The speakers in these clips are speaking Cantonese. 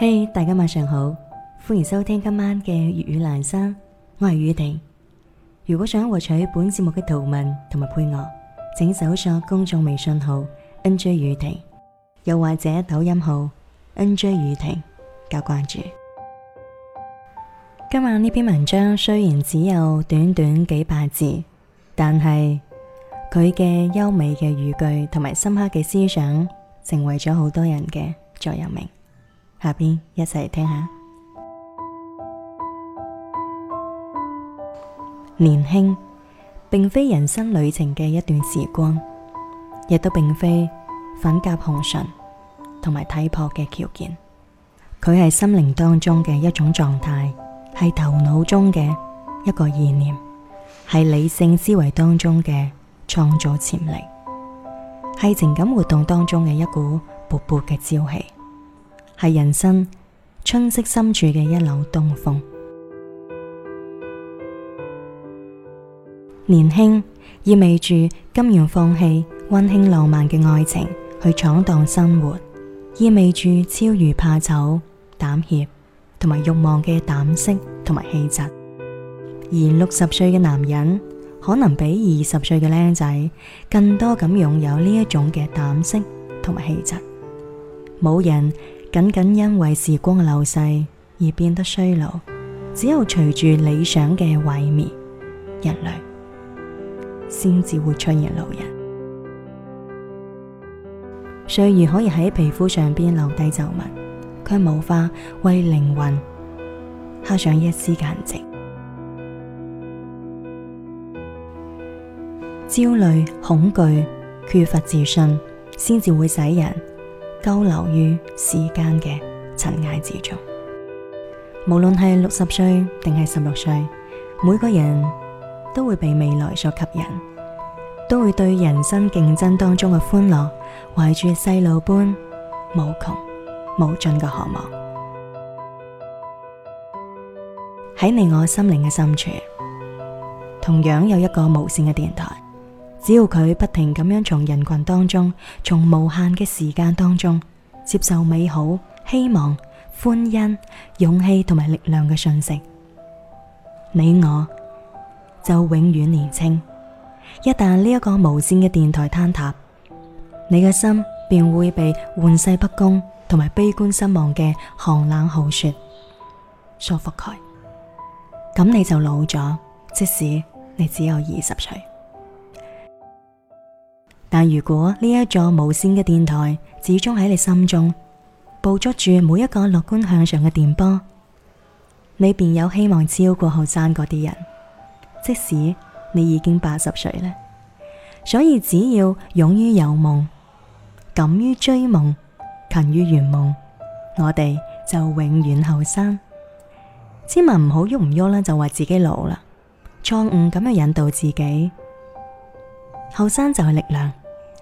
嘿，hey，大家晚上好，歡迎收聽今晚嘅粵語朗聲，我係宇婷。如果想獲取本節目嘅圖文同埋配樂，請搜索公眾微信號 nj 宇婷，又或者抖音號 nj 宇婷，加關注。今晚呢篇文章雖然只有短短幾百字，但係佢嘅優美嘅語句同埋深刻嘅思想，成為咗好多人嘅座右銘。下邊一齊嚟聽下。年輕並非人生旅程嘅一段時光，亦都並非粉頰紅唇同埋體魄嘅矯健。佢係心靈當中嘅一種狀態，係頭腦中嘅一個意念，係理性思維當中嘅創造潛力，係情感活動當中嘅一股勃勃嘅朝氣。係人生春色深處嘅一縷東風。年輕意味住甘願放棄温馨浪漫嘅愛情去闖蕩生活，意味住超越怕醜、膽怯同埋欲望嘅膽色同埋氣質。而六十歲嘅男人可能比二十歲嘅僆仔更多咁擁有呢一種嘅膽色同埋氣質。冇人，僅僅因為時光流逝而變得衰老，只有隨住理想嘅毀滅，人類先至會出現老人。歲月可以喺皮膚上邊留低皺紋，卻無法為靈魂刻上一絲痕跡。焦慮、恐懼、缺乏自信，先至會使人。佝僂於時間嘅塵埃之中，無論係六十歲定係十六歲，每個人都會被未來所吸引，都會對人生競爭當中嘅歡樂，懷住細路般無窮無盡嘅渴望。喺你我心靈嘅深處，同樣有一個無線嘅電台。只要佢不停咁樣從人群當中，從無限嘅時間當中接受美好、希望、歡欣、勇氣同埋力量嘅訊息，你我就永遠年輕。一旦呢一個無線嘅電台坍塌，你嘅心便會被玩世不恭同埋悲觀失望嘅寒冷豪雪所覆蓋，咁你就老咗，即使你只有二十歲。但如果呢一座無線嘅電台始終喺你心中捕捉住每一個樂觀向上嘅電波，你便有希望超過後生嗰啲人，即使你已經八十歲啦。所以只要勇於有夢，敢於追夢，勤於圓夢，我哋就永遠後生。千萬唔好喐唔喐啦，就話自己老啦，錯誤咁樣引導自己。後生就係力量。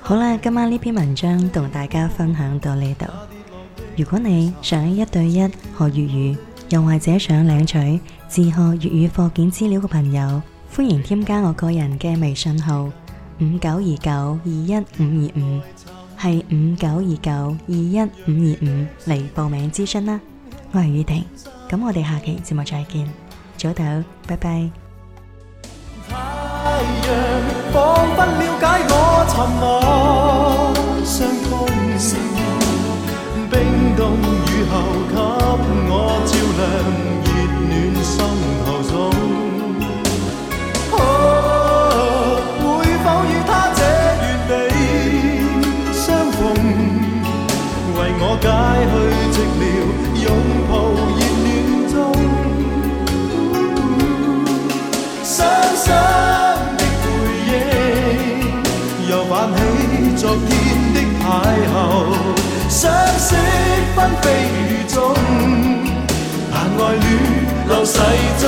好啦，今晚呢篇文章同大家分享到呢度。如果你想一對一學粵語，又或者想領取自學粵語課件資料嘅朋友，歡迎添加我個人嘅微信號：五九二九二一五二五。係五九二九二一五二五嚟報名諮詢啦，我係宇婷，咁我哋下期節目再見，早唞，拜拜。為我解去寂寥，擁抱熱暖中。深、嗯、深的回憶，又泛起昨天的邂逅，相識紛飛雨中，但愛戀流逝中。